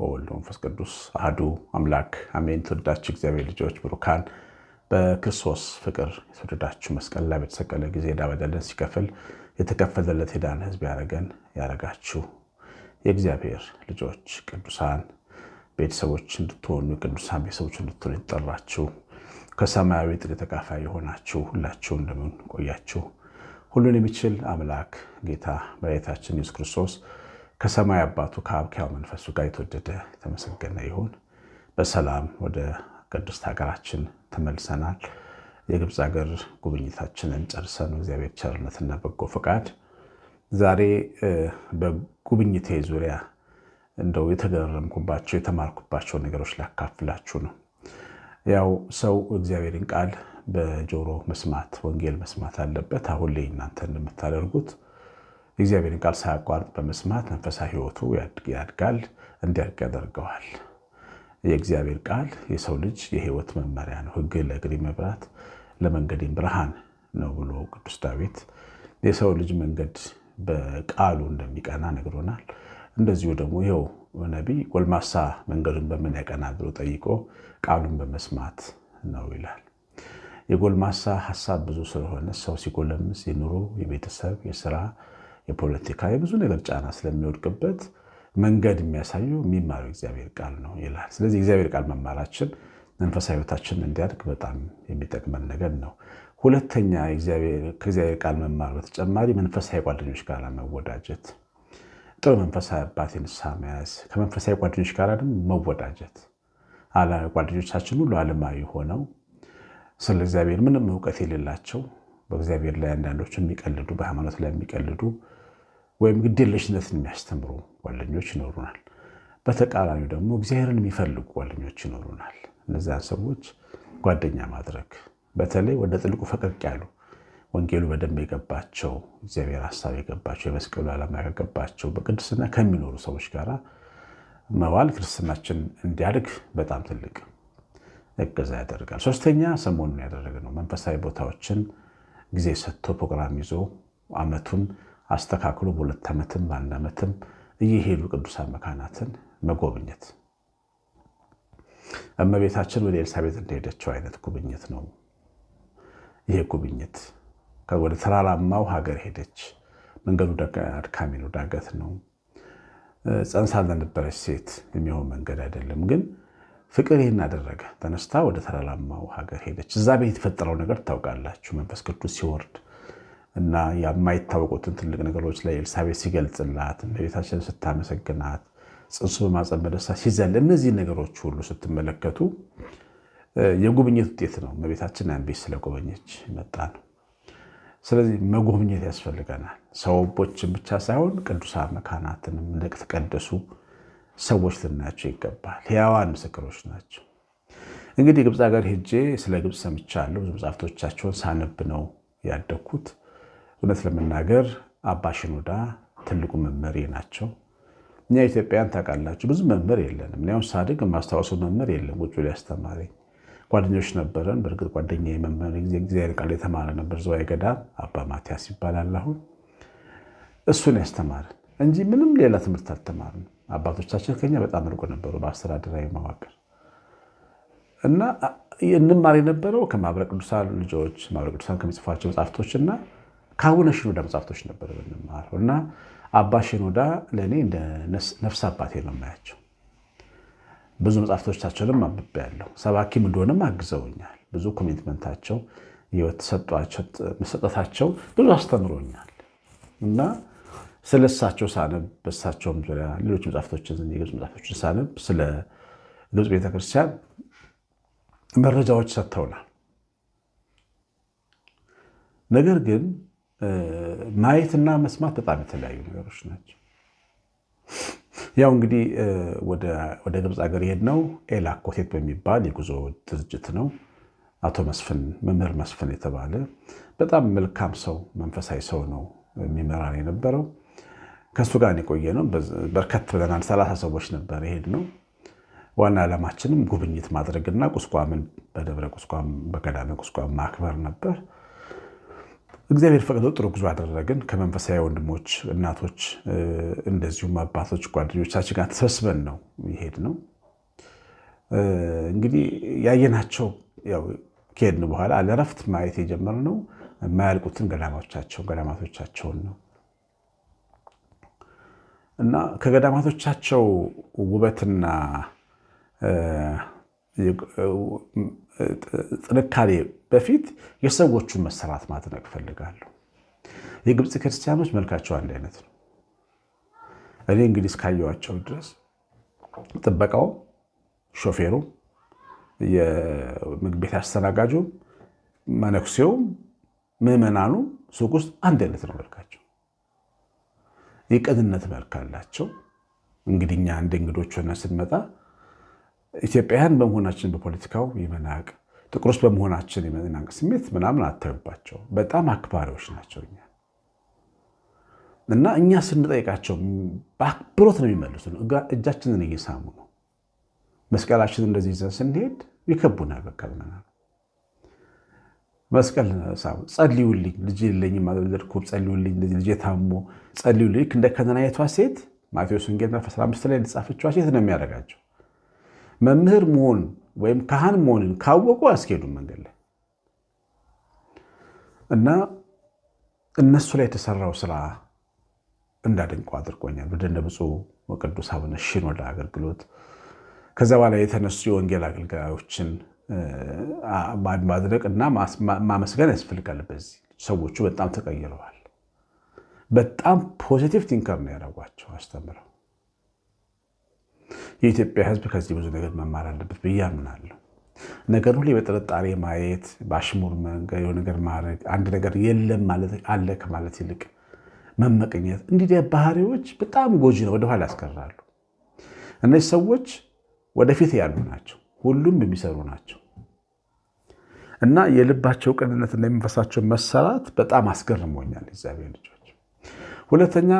ወወልድ መንፈስ ቅዱስ አህዱ አምላክ አሜን። ትወዳችሁ እግዚአብሔር ልጆች ብሩካን በክርስቶስ ፍቅር የተወደዳችሁ መስቀል ላይ በተሰቀለ ጊዜ ዕዳ በደልን ሲከፍል የተከፈለለት የዳነ ሕዝብ ያደረገን ያደረጋችሁ የእግዚአብሔር ልጆች ቅዱሳን ቤተሰቦች እንድትሆኑ ቅዱሳን ቤተሰቦች እንድትሆኑ የተጠራችሁ ከሰማያዊ ጥሪ ተካፋይ የሆናችሁ ሁላችሁ እንደምን ቆያችሁ? ሁሉን የሚችል አምላክ ጌታ መሬታችን ኢየሱስ ክርስቶስ ከሰማይ አባቱ ከአብ ከሕያው መንፈሱ ጋር የተወደደ የተመሰገነ ይሁን። በሰላም ወደ ቅድስት ሀገራችን ተመልሰናል። የግብፅ ሀገር ጉብኝታችንን ጨርሰን እግዚአብሔር ቸርነትና በጎ ፈቃድ ዛሬ በጉብኝቴ ዙሪያ እንደው የተገረምኩባቸው የተማርኩባቸው ነገሮች ላካፍላችሁ ነው። ያው ሰው እግዚአብሔርን ቃል በጆሮ መስማት ወንጌል መስማት አለበት። አሁን ላይ እናንተ እንደምታደርጉት የእግዚአብሔርን ቃል ሳያቋርጥ በመስማት መንፈሳዊ ሕይወቱ ያድጋል፣ እንዲያድግ ያደርገዋል። የእግዚአብሔር ቃል የሰው ልጅ የሕይወት መመሪያ ነው። ህግ ለእግሬ መብራት ለመንገዴም ብርሃን ነው ብሎ ቅዱስ ዳዊት የሰው ልጅ መንገድ በቃሉ እንደሚቀና ነግሮናል። እንደዚሁ ደግሞ ይኸው ነቢይ ጎልማሳ መንገዱን በምን ያቀና ብሎ ጠይቆ ቃሉን በመስማት ነው ይላል። የጎልማሳ ሀሳብ ብዙ ስለሆነ ሰው ሲጎለምስ የኑሮ፣ የቤተሰብ፣ የስራ የፖለቲካ የብዙ ነገር ጫና ስለሚወድቅበት መንገድ የሚያሳዩ የሚማረው እግዚአብሔር ቃል ነው ይላል። ስለዚህ እግዚአብሔር ቃል መማራችን መንፈሳዊ ሕይወታችን እንዲያድግ በጣም የሚጠቅመን ነገር ነው። ሁለተኛ ከእግዚአብሔር ቃል መማር በተጨማሪ መንፈሳዊ ጓደኞች ጋር መወዳጀት፣ ጥሩ መንፈሳዊ አባት ንስሐ መያዝ፣ ከመንፈሳዊ ጓደኞች ጋር ደግሞ መወዳጀት ጓደኞቻችን ሁሉ አለማዊ ሆነው ስለ እግዚአብሔር ምንም እውቀት የሌላቸው በእግዚአብሔር ላይ አንዳንዶች የሚቀልዱ በሃይማኖት ላይ የሚቀልዱ ወይም ግዴለሽነትን የሚያስተምሩ ጓደኞች ይኖሩናል። በተቃራኒው ደግሞ እግዚአብሔርን የሚፈልጉ ጓደኞች ይኖሩናል። እነዚያን ሰዎች ጓደኛ ማድረግ በተለይ ወደ ጥልቁ ፈቀቅ ያሉ ወንጌሉ በደንብ የገባቸው እግዚአብሔር ሀሳብ የገባቸው የመስቀሉ ዓላማ የገባቸው በቅድስና ከሚኖሩ ሰዎች ጋር መዋል ክርስትናችን እንዲያድግ በጣም ትልቅ እገዛ ያደርጋል። ሶስተኛ ሰሞኑን ያደረግነው መንፈሳዊ ቦታዎችን ጊዜ ሰጥቶ ፕሮግራም ይዞ አመቱን ። አስተካክሎ በሁለት ዓመትም በአንድ ዓመትም እየሄዱ ቅዱሳን መካናትን መጎብኘት እመቤታችን ወደ ኤልሳቤጥ እንደሄደችው አይነት ጉብኝት ነው። ይሄ ጉብኝት ወደ ተራራማው ሀገር ሄደች። መንገዱ አድካሚ ነው፣ ዳገት ነው። ፀንሳ ለነበረች ሴት የሚሆን መንገድ አይደለም። ግን ፍቅር ይህን አደረገ። ተነስታ ወደ ተራራማው ሀገር ሄደች። እዛ ቤት የተፈጠረው ነገር ታውቃላችሁ። መንፈስ ቅዱስ ሲወርድ እና የማይታወቁትን ትልቅ ነገሮች ላይ ኤልሳቤት ሲገልጽላት፣ እመቤታችን ስታመሰግናት፣ ጽንሱ በማፀን በደስታ ሲዘል፣ እነዚህ ነገሮች ሁሉ ስትመለከቱ የጉብኝት ውጤት ነው። እመቤታችን ያን ቤት ስለጎበኘች መጣ ነው። ስለዚህ መጎብኘት ያስፈልገናል። ሰዎችን ብቻ ሳይሆን ቅዱሳን መካናትንም ተቀደሱ ሰዎች ልናያቸው ይገባል። ሕያዋን ምስክሮች ናቸው። እንግዲህ ግብፅ ሀገር ሄጄ ስለ ግብፅ ሰምቻለሁ። ብዙ መጽሐፍቶቻቸውን ሳነብ ነው ያደግኩት። እውነት ለመናገር አባ ሽኖዳ ትልቁ መመሬ ናቸው። እኛ ኢትዮጵያን ታውቃላችሁ ብዙ መምህር የለንም። እኔ ሳድግ የማስታወሰው መምህር የለም። ውጭ ሊያስተማሪ ያስተማረኝ ጓደኞች ነበረን። በእርግጥ ጓደኛ የመምህር እግዚአብሔር ቃል የተማረ ነበር ዘዋይ ገዳም አባ ማቲያስ ይባላል። አሁን እሱን ያስተማረን እንጂ ምንም ሌላ ትምህርት አልተማርንም። አባቶቻችን ከኛ በጣም ርቆ ነበሩ በአስተዳደራዊ መዋቅር እና እንማር የነበረው ከማህበረ ቅዱሳን ልጆች ማህበረ ቅዱሳን ከሚጽፏቸው እና ከአቡነ ሽኖዳ መጽሐፍቶች ነበር የምንማረው እና አባ ሽኖዳ ለእኔ እንደ ነፍስ አባቴ ነው የማያቸው። ብዙ መጽሐፍቶቻቸውንም አንብቤያለሁ። ሰባኪም እንደሆንም አግዘውኛል። ብዙ ኮሚትመንታቸው መሰጠታቸው ብዙ አስተምሮኛል እና ስለ እሳቸው ሳነብ በሳቸውም ዙሪያ ሌሎች መጽሐፍቶችን የግብፅ መጽሐፍቶችን ሳነብ ስለ ግብፅ ቤተክርስቲያን መረጃዎች ሰጥተውናል። ነገር ግን ማየትና መስማት በጣም የተለያዩ ነገሮች ናቸው። ያው እንግዲህ ወደ ግብፅ ሀገር የሄድ ነው ኤላ በሚባል የጉዞ ድርጅት ነው። አቶ መስፍን መምህር መስፍን የተባለ በጣም መልካም ሰው መንፈሳዊ ሰው ነው የሚመራን የነበረው። ከእሱ ጋር የቆየ ነው። በርከት ብለናል። ሰላሳ ሰዎች ነበር የሄድ ነው። ዋና ዓላማችንም ጉብኝት ማድረግና ቁስቋምን በደብረ ቁስቋም በገዳመ ቁስቋም ማክበር ነበር። እግዚአብሔር ፈቅዶ ጥሩ ጉዞ አደረግን። ከመንፈሳዊ ወንድሞች፣ እናቶች፣ እንደዚሁም አባቶች፣ ጓደኞቻችን ጋር ተሰብስበን ነው ይሄድ ነው። እንግዲህ ያየናቸው ከሄድን በኋላ ለረፍት ማየት የጀመርነው የማያልቁትን ገዳማቻቸው ገዳማቶቻቸውን ነው እና ከገዳማቶቻቸው ውበትና ጥንካሬ በፊት የሰዎቹን መሰራት ማድነቅ እፈልጋለሁ። የግብፅ ክርስቲያኖች መልካቸው አንድ አይነት ነው። እኔ እንግዲህ እስካየዋቸው ድረስ ጥበቃው፣ ሾፌሩ፣ የምግብ ቤት አስተናጋጁ፣ መነኩሴው፣ ምዕመናኑ ሱቅ ውስጥ አንድ አይነት ነው መልካቸው። የቅንነት መልክ አላቸው። እንግዲህ እኛ እንደ እንግዶች ሆነ ስንመጣ ኢትዮጵያውያን በመሆናችን በፖለቲካው የመናቅ ጥቁሮች በመሆናችን የመናቅ ስሜት ምናምን አታዩባቸው። በጣም አክባሪዎች ናቸው እኛ እና እኛ ስንጠይቃቸው በአክብሮት ነው የሚመልሱ። እጃችንን እየሳሙ ነው። መስቀላችን እንደዚህ ይዘን ስንሄድ ይከቡናል። በቃ መስቀል ሳሙ፣ ጸልዩልኝ፣ ልጅ የለኝም አልወለድኩም፣ ጸልዩልኝ፣ ልጅ ታሞ ጸልዩልኝ። እንደ ከነናይቷ ሴት ማቴዎስ ወንጌል ምዕራፍ 15 ላይ የተጻፈችዋ ሴት ነው የሚያደርጋቸው መምህር መሆን ወይም ካህን መሆንን ካወቁ አያስኬዱም መንገድ ላይ እና እነሱ ላይ የተሰራው ስራ እንዳደንቀው አድርጎኛል። ወደ እነ ብፁዕ ወቅዱስ አቡነ ሽኖዳ አገልግሎት ከዛ በኋላ የተነሱ የወንጌል አገልጋዮችን ማድረቅ እና ማመስገን ያስፈልጋል። በዚህ ሰዎቹ በጣም ተቀይረዋል። በጣም ፖዚቲቭ ቲንከር ነው ያደረጓቸው አስተምረው የኢትዮጵያ ሕዝብ ከዚህ ብዙ ነገር መማር አለበት ብዬ አምናለሁ። ነገር ሁሌ በጥርጣሬ ማየት፣ በአሽሙር የሆነ ነገር ማድረግ፣ አንድ ነገር የለም ማለት አለ ከማለት ይልቅ መመቀኘት፣ እንዲህ ባህሪዎች በጣም ጎጂ ነው፣ ወደኋላ ያስቀራሉ። እነዚህ ሰዎች ወደፊት ያሉ ናቸው፣ ሁሉም የሚሰሩ ናቸው እና የልባቸው ቅንነት እና የመንፈሳቸው መሰራት በጣም አስገርሞኛል እግዚአብሔር ልጆች ሁለተኛ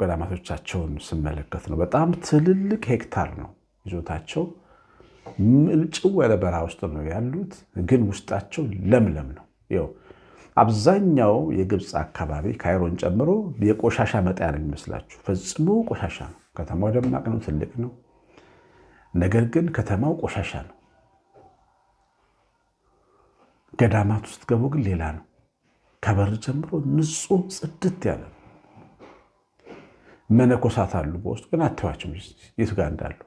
ገዳማቶቻቸውን ስመለከት ነው። በጣም ትልልቅ ሄክታር ነው ይዞታቸው። ጭው ያለ በረሃ ውስጥ ነው ያሉት፣ ግን ውስጣቸው ለምለም ነው። ይኸው አብዛኛው የግብፅ አካባቢ ካይሮን ጨምሮ የቆሻሻ መጣያ ነው የሚመስላችሁ። ፈጽሞ ቆሻሻ ነው። ከተማው ደማቅ ነው፣ ትልቅ ነው። ነገር ግን ከተማው ቆሻሻ ነው። ገዳማት ውስጥ ገቡ ግን ሌላ ነው። ከበር ጀምሮ ንጹህ ጽድት ያለ ነው። መነኮሳት አሉ በውስጡ ግን አተዋቸው የት ጋር እንዳሉ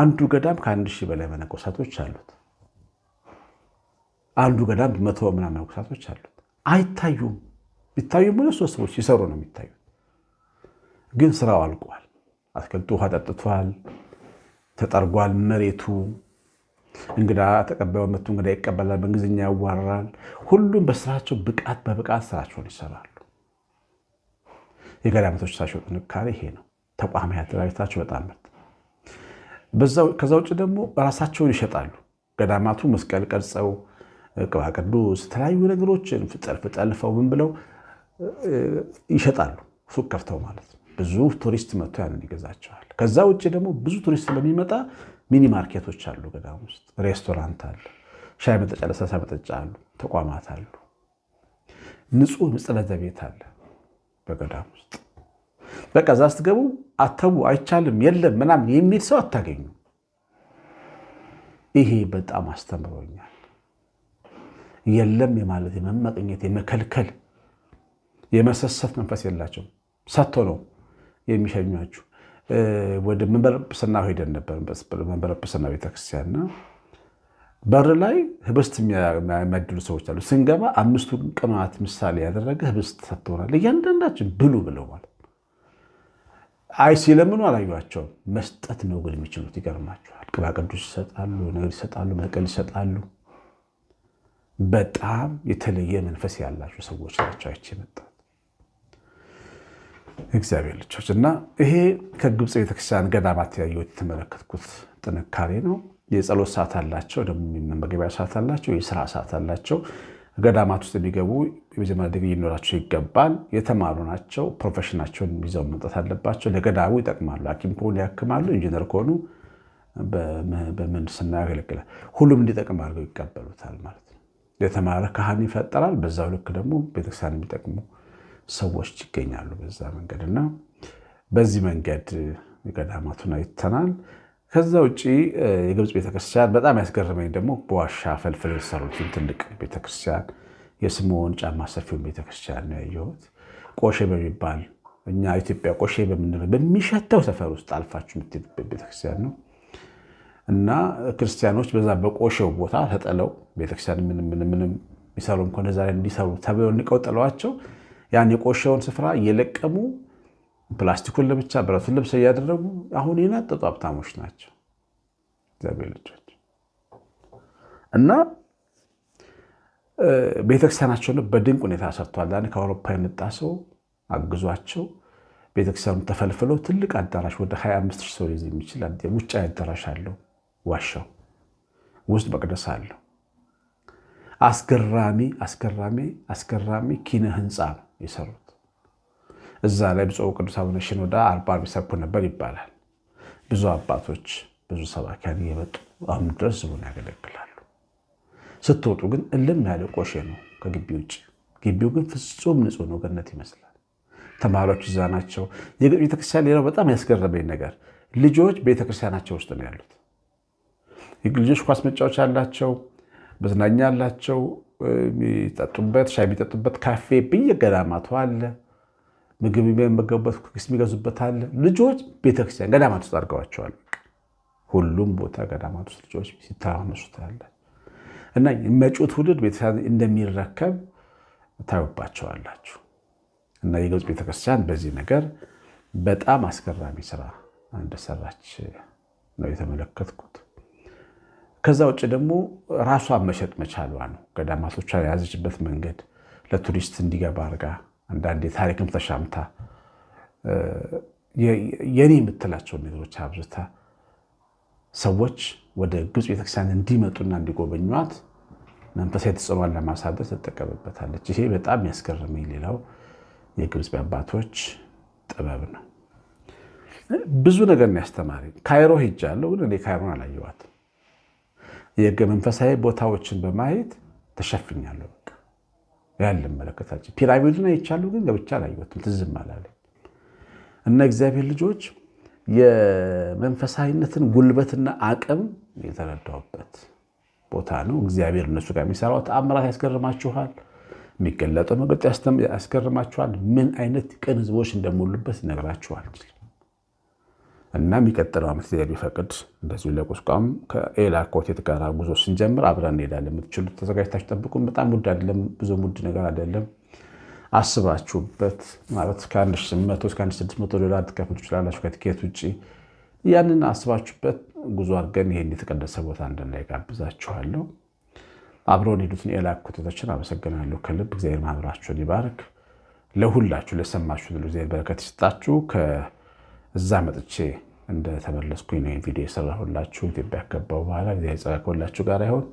አንዱ ገዳም ከአንድ ሺህ በላይ መነኮሳቶች አሉት። አንዱ ገዳም መቶ ምናምን መነኮሳቶች አሉት። አይታዩም። ቢታዩም ሁለት ሶስት ሰዎች ሲሰሩ ነው የሚታዩት። ግን ስራው አልቋል። አትክልቱ ውሃ ጠጥቷል፣ ተጠርጓል መሬቱ። እንግዳ ተቀባዩ መቱ እንግዳ ይቀበላል፣ በእንግሊዝኛ ያዋራል። ሁሉም በስራቸው ብቃት በብቃት ስራቸውን ይሰራሉ። የገዳማቶች ሳሽው ጥንካሬ ይሄ ነው። ተቋሚ አደራጀታቸው በጣም ምርጥ። ከዛ ውጭ ደግሞ ራሳቸውን ይሸጣሉ። ገዳማቱ መስቀል ቀርጸው ቅባ ቅዱስ የተለያዩ ነገሮችን ፍጠልፍ ጠልፈው ምን ብለው ይሸጣሉ። ሱቅ ከፍተው ማለት ብዙ ቱሪስት መጥቶ ያንን ይገዛቸዋል። ከዛ ውጭ ደግሞ ብዙ ቱሪስት ስለሚመጣ ሚኒ ማርኬቶች አሉ። ገዳም ውስጥ ሬስቶራንት አለ። ሻይ መጠጫ፣ ለስላሳ መጠጫ አሉ። ተቋማት አሉ። ንጹህ መጸዳጃ ቤት አለ። በገዳም ውስጥ በቃ እዛ ስትገቡ አተቡ አይቻልም የለም ምናምን የሚል ሰው አታገኙ። ይሄ በጣም አስተምሮኛል። የለም የማለት የመመቅኘት፣ የመከልከል፣ የመሰሰት መንፈስ የላቸው። ሰጥቶ ነው የሚሸኟችሁ። ወደ መንበረ ጵጵስና ሄደን ነበር። መንበረ ጵጵስና ቤተክርስቲያንና በር ላይ ህብስት የሚያድሉ ሰዎች አሉ። ስንገባ አምስቱን ቅማት ምሳሌ ያደረገ ህብስት ሰጥተውናል። እያንዳንዳችን ብሉ ብለዋል። አይ ሲለምኑ አላዩቸውም። መስጠት ነው ግን የሚችሉት ይገርማቸዋል። ቅባ ቅዱስ ይሰጣሉ፣ ነገር ይሰጣሉ፣ መስቀል ይሰጣሉ። በጣም የተለየ መንፈስ ያላቸው ሰዎች ናቸው። አይቼ መጣሁ እግዚአብሔር ልጆች እና ይሄ ከግብፅ ቤተክርስቲያን ገዳማት ያየሁት የተመለከትኩት ጥንካሬ ነው። የጸሎት ሰዓት አላቸው፣ መመገቢያ ሰዓት አላቸው፣ የስራ ሰዓት አላቸው። ገዳማት ውስጥ የሚገቡ የመጀመሪያ ዲግሪ ሊኖራቸው ይገባል። የተማሩ ናቸው። ፕሮፌሽናቸውን ይዘው መምጣት አለባቸው። ለገዳሙ ይጠቅማሉ። ሐኪም ከሆኑ ያክማሉ። ኢንጂነር ከሆኑ በምህንድስና ያገለግላል። ሁሉም እንዲጠቅም አድርገው ይቀበሉታል ማለት ነው። የተማረ ካህን ይፈጠራል። በዛው ልክ ደግሞ ቤተክርስቲያን የሚጠቅሙ ሰዎች ይገኛሉ። በዛ እና በዚህ መንገድ ገዳማቱን አይተናል። ከዛ ውጭ የግብፅ ቤተክርስቲያን በጣም ያስገረመኝ ደግሞ በዋሻ ፈልፍል የተሰሩትን ትልቅ ቤተክርስቲያን የስምዖን ጫማ ሰፊውን ቤተክርስቲያን ነው ያየሁት። ቆሼ በሚባል እኛ ኢትዮጵያ ቆሼ በምንል በሚሸተው ሰፈር ውስጥ አልፋችሁ የምትሄዱበት ቤተክርስቲያን ነው እና ክርስቲያኖች በዛ በቆሼው ቦታ ተጠለው ቤተክርስቲያን ምንም የሚሰሩ እንኳን ዛ እንዲሰሩ ተብለው ንቀው ጥለዋቸው ያን የቆሼውን ስፍራ እየለቀሙ ፕላስቲኩን ለብቻ ብረቱን ልብስ እያደረጉ አሁን የናጠጡ ሀብታሞች ናቸው እግዚአብሔር ልጆች እና ቤተክርስቲያናቸውን በድንቅ ሁኔታ ሰርተዋል። ያን ከአውሮፓ የመጣ ሰው አግዟቸው ቤተክርስቲያኑ ተፈልፍለው ትልቅ አዳራሽ ወደ 25 ሰው ይዝ የሚችል ውጭ አዳራሽ አለው። ዋሻው ውስጥ መቅደስ አለው። አስገራሚ አስገራሚ አስገራሚ ኪነ ህንፃ ነው የሰሩት። እዛ ላይ ብፁዕ ቅዱስ አቡነ ሽኖዳ አርባ አርብ ነበር ይባላል። ብዙ አባቶች ብዙ ሰባኪያን እየመጡ አሁን ድረስ ህዝቡን ያገለግላሉ። ስትወጡ ግን እልም ያለ ቆሼ ነው ከግቢ ውጭ። ግቢው ግን ፍጹም ንጹሕ ነው፣ ገነት ይመስላል። ተማሪዎች እዛ ናቸው። ቤተክርስቲያን ሌላው በጣም ያስገረመኝ ነገር ልጆች ቤተክርስቲያናቸው ውስጥ ነው ያሉት። ልጆች ኳስ መጫወቻ አላቸው፣ መዝናኛ አላቸው፣ የሚጠጡበት ሻይ የሚጠጡበት ካፌ በየገዳማቱ አለ። ምግብ የሚመገቡበት ኩኪስ የሚገዙበት አለ። ልጆች ቤተክርስቲያን ገዳማት ውስጥ አድርገዋቸዋል። ሁሉም ቦታ ገዳማት ውስጥ ልጆች ሲተራመሱ ታያለህ እና መጪው ትውልድ ቤተክርስቲያን እንደሚረከብ ታዩባቸዋላችሁ። እና የግብፅ ቤተክርስቲያን በዚህ ነገር በጣም አስገራሚ ስራ እንደሰራች ነው የተመለከትኩት። ከዛ ውጭ ደግሞ ራሷን መሸጥ መቻሏ ነው። ገዳማቶቿን የያዘችበት መንገድ ለቱሪስት እንዲገባ አድርጋ አንዳንዴ ታሪክም ተሻምታ የኔ የምትላቸውን ነገሮች አብዝታ ሰዎች ወደ ግብፅ ቤተክርስቲያን እንዲመጡና እንዲጎበኟት መንፈሳዊ ተጽዕኖን ለማሳደር ትጠቀምበታለች። ይሄ በጣም ያስገርመኝ ሌላው የግብፅ አባቶች ጥበብ ነው። ብዙ ነገር ነው ያስተማሪ። ካይሮ ሄጃለሁ፣ ግን እኔ ካይሮን አላየኋትም። የህገ መንፈሳዊ ቦታዎችን በማየት ተሸፍኛለሁ። ያን ልመለከታቸው ፒራሚዱን አይቻሉ ግን ገብቼ አላየሁትም። ትዝም አላለኝ እና እግዚአብሔር ልጆች የመንፈሳዊነትን ጉልበትና አቅም የተረዳሁበት ቦታ ነው። እግዚአብሔር እነሱ ጋር የሚሰራው ተአምራት ያስገርማችኋል። የሚገለጠው መግለጥ ያስገርማችኋል። ምን አይነት ቅን ህዝቦች እንደሞሉበት ይነግራችኋል። እና የሚቀጥለው ዓመት ዜር ቢፈቅድ እንደዚሁ ለቁስቋም ከኤላ ኮቴት ጋር ጉዞ ስንጀምር አብረን እንሄዳለን። የምትችሉት ተዘጋጅታችሁ ጠብቁ በጣም ውድ አይደለም፣ ብዙ ውድ ነገር አይደለም። አስባችሁበት ማለት ከ1800 እስከ 1600 ዶላር ትከፍሉ ትችላላችሁ ከትኬት ውጭ። ያንን አስባችሁበት ጉዞ አድርገን ይሄን የተቀደሰ ቦታ እንድናይ ጋብዛችኋለሁ። አብረውን ሄዱትን ኤላ ኮቴቶችን አመሰግናለሁ ከልብ። እግዚአብሔር ማህበራችሁን ይባርክ። ለሁላችሁ ለሰማችሁ ሁሉ እግዚአብሔር በረከት ይስጣችሁ። እዛ መጥቼ እንደተመለስኩኝ ነው ቪዲዮ የሰራሁላችሁ። ኢትዮጵያ ከገባሁ በኋላ እግዚአብሔር ጸጋ ከሁላችሁ ጋር ይሁን።